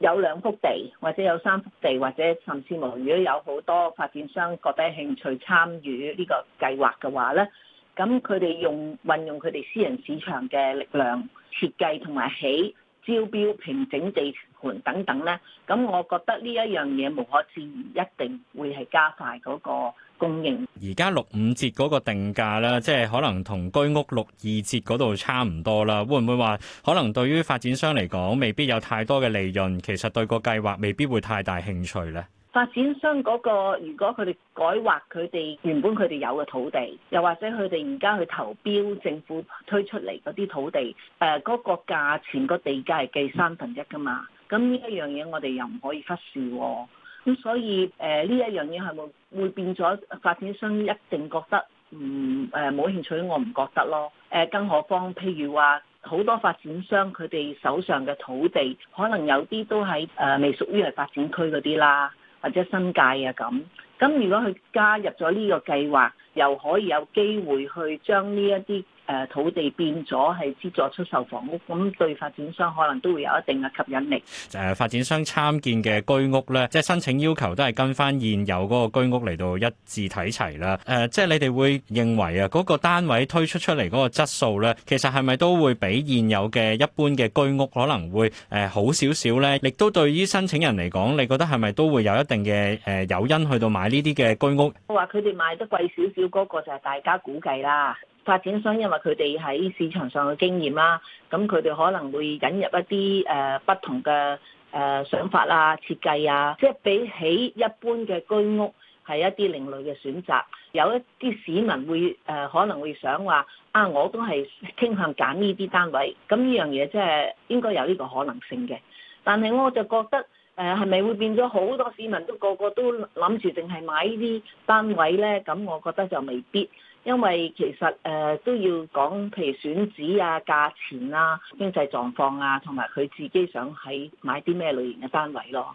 有兩幅地，或者有三幅地，或者甚至無，如果有好多發展商覺得興趣參與呢個計劃嘅話呢，咁佢哋用運用佢哋私人市場嘅力量設計同埋起、招標平整地盤等等呢，咁我覺得呢一樣嘢無可置疑，一定會係加快嗰個。供應，而家六五折嗰個定價啦，即係可能同居屋六二折嗰度差唔多啦。會唔會話可能對於發展商嚟講，未必有太多嘅利潤，其實對個計劃未必會太大興趣呢？發展商嗰、嗰個，如果佢哋改劃佢哋原本佢哋有嘅土地，又或者佢哋而家去投標政府推出嚟嗰啲土地，誒、呃、嗰、嗰個價錢、嗰個地價係計三分一㗎嘛？咁呢一樣嘢我哋又唔可以忽視喎。咁所以，誒、呃、呢一樣嘢係會會變咗發展商一定覺得唔誒冇興趣，我唔覺得咯。誒、呃、更何況，譬如話好多發展商佢哋手上嘅土地，可能有啲都係誒、呃、未屬於係發展區嗰啲啦，或者新界啊咁。咁如果佢加入咗呢個計劃，又可以有機會去將呢一啲。誒土地變咗係資助出售房屋，咁對發展商可能都會有一定嘅吸引力。誒發展商參建嘅居屋咧，即係申請要求都係跟返現有嗰個居屋嚟到一致睇齊啦。誒，即係你哋會認為啊，嗰個單位推出出嚟嗰個質素咧，其實係咪都會比現有嘅一般嘅居屋可能會誒好少少咧？亦都對於申請人嚟講，你覺得係咪都會有一定嘅誒誘因去到買呢啲嘅居屋？我話佢哋賣得貴少少，嗰個就係大家估計啦。發展商因為佢哋喺市場上嘅經驗啦、啊，咁佢哋可能會引入一啲誒、呃、不同嘅誒想法啊、設計啊，即係比起一般嘅居屋係一啲另類嘅選擇，有一啲市民會誒、呃、可能會想話啊，我都係傾向揀呢啲單位，咁呢樣嘢即係應該有呢個可能性嘅，但係我就覺得誒係咪會變咗好多市民都個個都諗住淨係買呢啲單位咧？咁我覺得就未必。因為其實誒、呃、都要講，譬如選址啊、價錢啊、經濟狀況啊，同埋佢自己想喺買啲咩類型嘅單位咯。